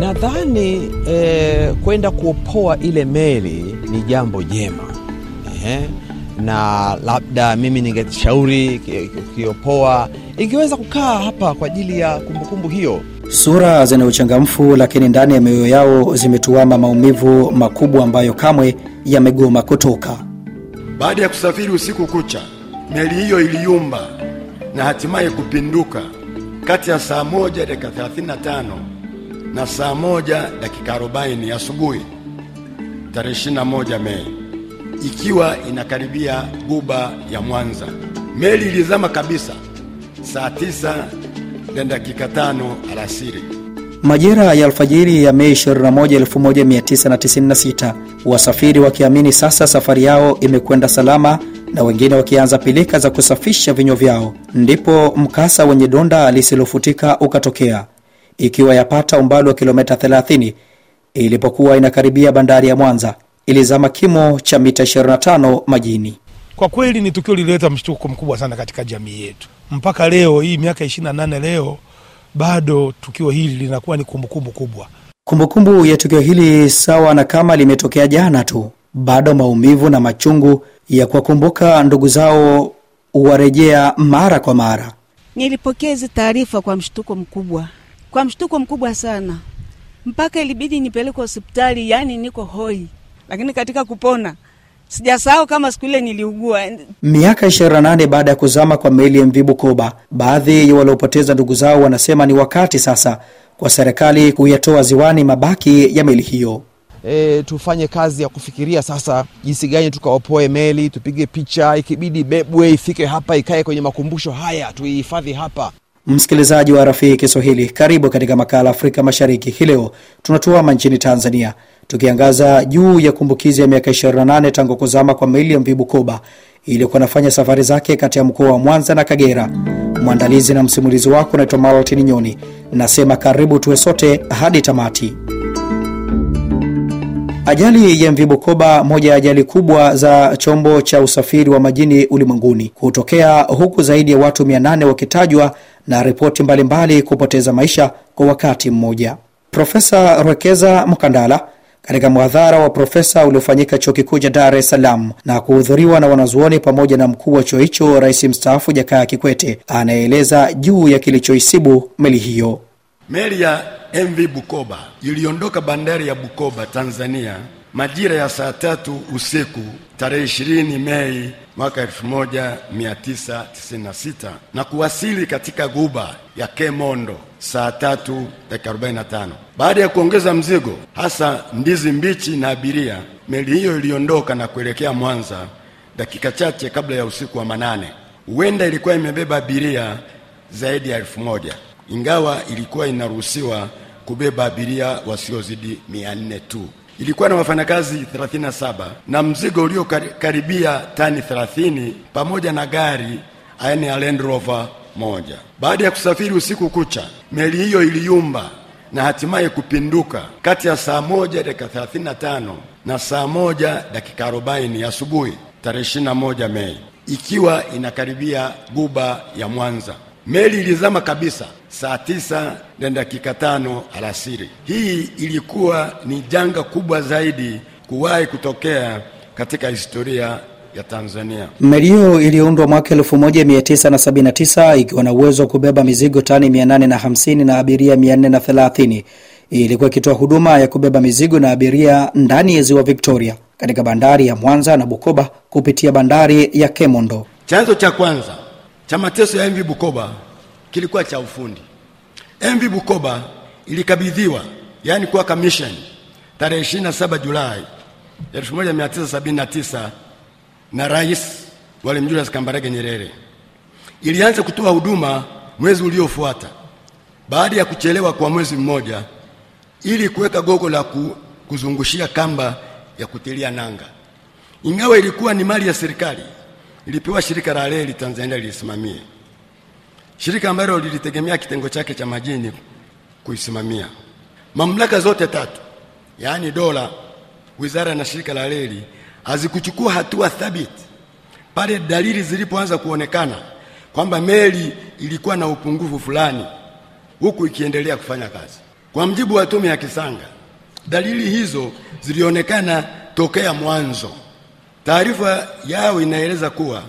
Nadhani eh, kwenda kuopoa ile meli ni jambo jema eh, na labda mimi ningeshauri ukiopoa ingeweza kukaa hapa kwa ajili ya kumbukumbu hiyo. Sura zenye uchangamfu, lakini ndani ya mioyo yao zimetuama maumivu makubwa ambayo kamwe yamegoma kutoka. Baada ya kusafiri usiku kucha, meli hiyo iliyumba na hatimaye kupinduka kati ya saa moja dakika 35 na saa moja dakika 40 asubuhi tarehe 21 Mei, ikiwa inakaribia guba ya Mwanza. Meli ilizama kabisa saa tisa na dakika tano alasiri. Majira ya alfajiri ya Mei 21, 1996 wasafiri wakiamini sasa safari yao imekwenda salama na wengine wakianza pilika za kusafisha vinywa vyao, ndipo mkasa wenye donda lisilofutika ukatokea, ikiwa yapata umbali wa kilomita 30 ilipokuwa inakaribia bandari ya Mwanza ilizama kimo cha mita 25 majini. Kwa kweli ni tukio lilileta mshtuko mkubwa sana katika jamii yetu. Mpaka leo hii miaka 28 leo bado tukio hili linakuwa ni kumbukumbu kubwa. Kumbukumbu ya tukio hili sawa na kama limetokea jana tu bado maumivu na machungu ya kuwakumbuka ndugu zao huwarejea mara kwa mara. Nilipokea hizi taarifa kwa mshtuko mkubwa, kwa mshtuko mkubwa sana, mpaka ilibidi nipelekwe hospitali. Yani niko hoi, lakini katika kupona sijasahau kama siku ile niliugua. Miaka 28 baada ya kuzama kwa meli MV Bukoba, baadhi ya waliopoteza ndugu zao wanasema ni wakati sasa kwa serikali kuyatoa ziwani mabaki ya meli hiyo e, tufanye kazi ya kufikiria sasa jinsi gani tukaopoe meli, tupige picha, ikibidi bebwe ifike hapa, ikae kwenye makumbusho haya, tuihifadhi hapa. Msikilizaji wa Rafii Kiswahili, karibu katika makala Afrika Mashariki. Hii leo tunatuama nchini Tanzania, tukiangaza juu ya kumbukizi ya miaka 28 tangu kuzama kwa meli ya MV iliyokuwa nafanya safari zake kati ya mkoa wa Mwanza na Kagera. Mwandalizi na msimulizi wako unaitwa Maltini Nyoni, nasema karibu tuwe sote hadi tamati. Ajali ya MV Bukoba, moja ya ajali kubwa za chombo cha usafiri wa majini ulimwenguni kutokea huku zaidi ya watu 800 wakitajwa na ripoti mbalimbali kupoteza maisha kwa wakati mmoja. Profesa Rwekeza Mkandala katika mhadhara wa profesa uliofanyika chuo kikuu cha Dar es Salaam na kuhudhuriwa na wanazuoni pamoja na mkuu wa chuo hicho Rais mstaafu Jakaya Kikwete, anaeleza juu ya kilichoisibu meli hiyo. Meli ya MV Bukoba iliondoka bandari ya Bukoba Tanzania majira ya saa tatu usiku tarehe 20 Mei mwaka 1996 na kuwasili katika guba ya Kemondo saa tatu dakika 45. Baada ya kuongeza mzigo hasa ndizi mbichi na abiria, meli hiyo iliondoka na kuelekea Mwanza dakika chache kabla ya usiku wa manane. Huenda ilikuwa imebeba abiria zaidi ya elfu moja ingawa ilikuwa inaruhusiwa kubeba abiria wasiozidi mia nne tu. Ilikuwa na wafanyakazi 37 na mzigo uliokaribia tani 30 pamoja na gari aina ya Land Rover moja. Baada ya kusafiri usiku kucha, meli hiyo iliyumba na hatimaye kupinduka kati ya saa moja dakika 35 na saa moja dakika 40 asubuhi tarehe 21 Mei, ikiwa inakaribia guba ya Mwanza. Meli ilizama kabisa saa tisa na dakika tano alasiri. Hii ilikuwa ni janga kubwa zaidi kuwahi kutokea katika historia ya Tanzania. Meli hiyo iliyoundwa mwaka 1979 ikiwa na uwezo wa kubeba mizigo tani 850 na na abiria 430 ilikuwa ikitoa huduma ya kubeba mizigo na abiria ndani ya ziwa Victoria katika bandari ya Mwanza na Bukoba kupitia bandari ya Kemondo. Chanzo cha kwanza cha mateso ya MV Bukoba kilikuwa cha ufundi. MV Bukoba ilikabidhiwa yani kuwa commission tarehe 27 Julai 1979 na Rais Mwalimu Julius Kambarage Nyerere. Ilianza kutoa huduma mwezi uliofuata baada ya kuchelewa kwa mwezi mmoja ili kuweka gogo la kuzungushia kamba ya kutilia nanga. Ingawa ilikuwa ni mali ya serikali ilipewa shirika la reli Tanzania lilisimamie, shirika ambalo lilitegemea kitengo chake cha majini kuisimamia. Mamlaka zote tatu, yaani dola, wizara na shirika la reli hazikuchukua hatua thabiti pale dalili zilipoanza kuonekana kwamba meli ilikuwa na upungufu fulani, huku ikiendelea kufanya kazi. Kwa mjibu wa tume ya Kisanga, dalili hizo zilionekana tokea mwanzo. Taarifa yao inaeleza kuwa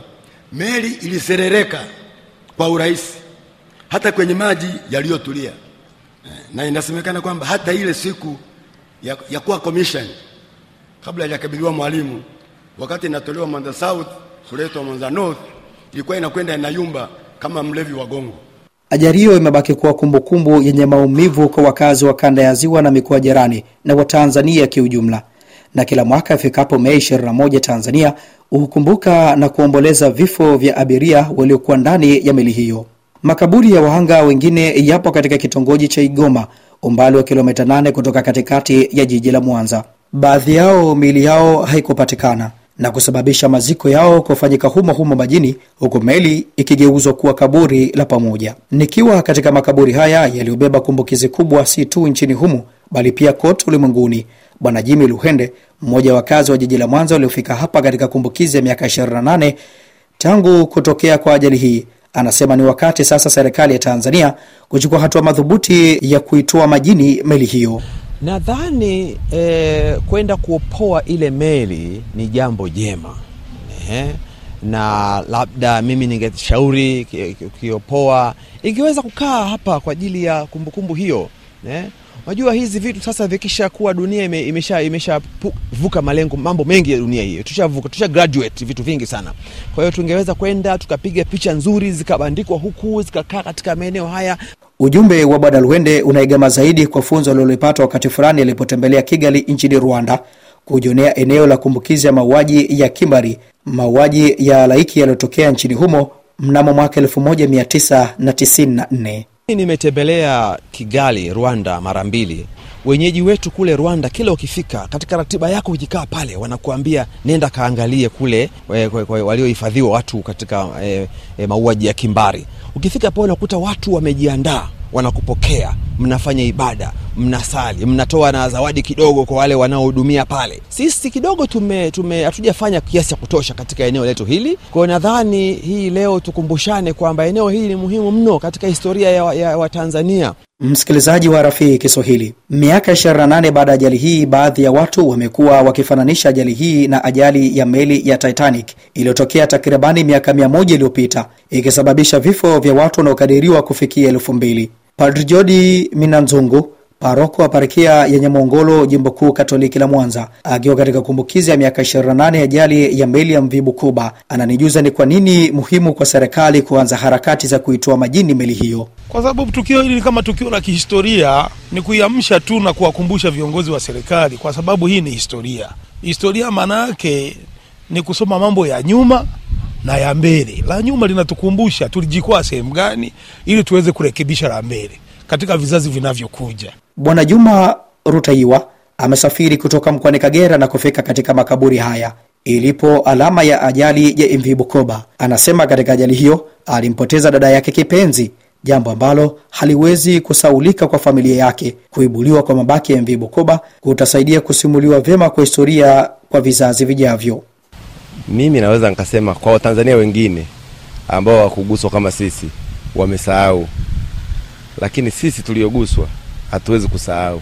meli iliserereka kwa urahisi hata kwenye maji yaliyotulia, na inasemekana kwamba hata ile siku ya, ya kuwa commission kabla hajakabidhiwa Mwalimu, wakati inatolewa Mwanza South kuletwa Mwanza North, ilikuwa inakwenda inayumba kama mlevi wa gongo. ajari hiyo imebaki kuwa kumbukumbu yenye maumivu kwa wakazi wa kanda ya Ziwa na mikoa jirani na Watanzania kiujumla na kila mwaka ifikapo Mei 21 Tanzania hukumbuka na kuomboleza vifo vya abiria waliokuwa ndani ya meli hiyo. Makaburi ya wahanga wengine yapo katika kitongoji cha Igoma, umbali wa kilomita 8 kutoka katikati ya jiji la Mwanza. Baadhi yao miili yao haikupatikana na kusababisha maziko yao kufanyika humo humo majini, huku meli ikigeuzwa kuwa kaburi la pamoja. Nikiwa katika makaburi haya yaliyobeba kumbukizi kubwa si tu nchini humo, bali pia kote ulimwenguni, Bwana Jimmy Luhende, mmoja wa wakazi wa jiji la Mwanza waliofika hapa katika kumbukizi ya miaka 28 tangu kutokea kwa ajali hii, anasema ni wakati sasa serikali ya Tanzania kuchukua hatua madhubuti ya kuitoa majini meli hiyo. Nadhani eh, kwenda kuopoa ile meli ni jambo jema eh, na labda mimi ningeshauri ukiopoa ingeweza kukaa hapa kwa ajili ya kumbukumbu hiyo eh? Unajua hizi vitu sasa vikisha kuwa dunia ime, imesha imeshavuka malengo, mambo mengi ya dunia hiyo tushavuka, tusha graduate vitu vingi sana. Kwa hiyo tungeweza kwenda tukapiga picha nzuri zikabandikwa huku zikakaa katika maeneo haya. Ujumbe wa Bwana lwende unaigama zaidi kwa funzo alilolipata wakati fulani alipotembelea Kigali nchini Rwanda kujionea eneo la kumbukizi ya mauaji ya kimbari, mauaji ya halaiki yaliyotokea nchini humo mnamo mwaka 1994. Nimetembelea Kigali, Rwanda mara mbili. Wenyeji wetu kule Rwanda, kila ukifika katika ratiba yako, ukikaa pale wanakuambia nenda kaangalie kule eh, waliohifadhiwa watu katika e, e, mauaji ya kimbari. Ukifika pale unakuta watu wamejiandaa wanakupokea, mnafanya ibada, mnasali, mnatoa na zawadi kidogo kwa wale wanaohudumia pale. Sisi kidogo tume tume hatujafanya kiasi cha kutosha katika eneo letu hili. Kwa nadhani hii leo tukumbushane kwamba eneo hili ni muhimu mno katika historia ya, ya Watanzania. Msikilizaji wa Rafii Kiswahili, miaka 28 baada ya ajali hii, baadhi ya watu wamekuwa wakifananisha ajali hii na ajali ya meli ya Titanic iliyotokea takribani miaka 100 iliyopita ikisababisha vifo vya watu wanaokadiriwa kufikia elfu mbili. Padri Jodi Minanzungu paroko wa parikia ya Nyamongolo, jimbo kuu katoliki la Mwanza, akiwa katika kumbukizi ya miaka 28 ya ajali ya meli ya MV Bukoba, ananijuza ni kwa nini muhimu kwa serikali kuanza harakati za kuitoa majini meli hiyo. Kwa sababu tukio hili ni kama tukio la kihistoria, ni kuiamsha tu na kuwakumbusha viongozi wa serikali, kwa sababu hii ni historia. Historia maana yake ni kusoma mambo ya nyuma na ya mbele. La nyuma linatukumbusha tulijikwaa sehemu gani, ili tuweze kurekebisha la mbele katika vizazi vinavyokuja. Bwana Juma Rutaiwa amesafiri kutoka mkoani Kagera na kufika katika makaburi haya ilipo alama ya ajali ya MV Bukoba. Anasema katika ajali hiyo alimpoteza dada yake kipenzi, jambo ambalo haliwezi kusaulika kwa familia yake. Kuibuliwa kwa mabaki ya MV Bukoba kutasaidia kusimuliwa vyema kwa historia kwa vizazi vijavyo. Mimi naweza nikasema kwa Watanzania wengine ambao hawakuguswa kama sisi, wamesahau, lakini sisi tulioguswa hatuwezi kusahau.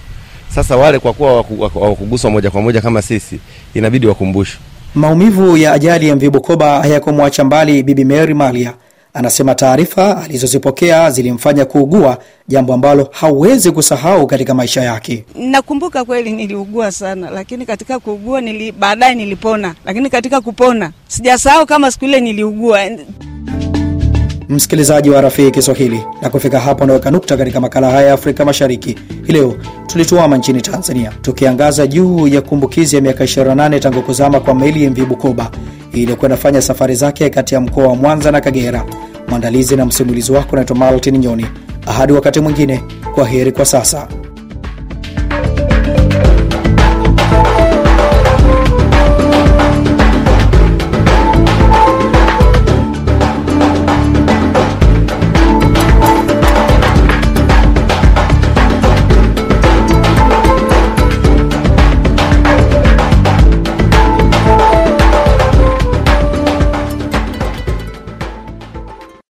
Sasa wale kwa kuwa wakuguswa moja kwa moja kama sisi, inabidi wakumbushwe. Maumivu ya ajali ya MV Bukoba hayakumwacha mbali Bibi Mary Malia. Anasema taarifa alizozipokea zilimfanya kuugua, jambo ambalo hawezi kusahau katika maisha yake. Nakumbuka kweli niliugua sana, lakini katika kuugua nili, baadaye nilipona, lakini katika kupona sijasahau kama siku ile niliugua msikilizaji wa rafiki kiswahili na kufika hapo anaweka nukta katika makala haya ya afrika mashariki leo tulituama nchini tanzania tukiangaza juu ya kumbukizi ya miaka 28 tangu kuzama kwa meli mv bukoba iliyokuwa inafanya safari zake kati ya mkoa wa mwanza na kagera mwandalizi na msimulizi wako naitwa maltin nyoni hadi wakati mwingine kwa heri kwa sasa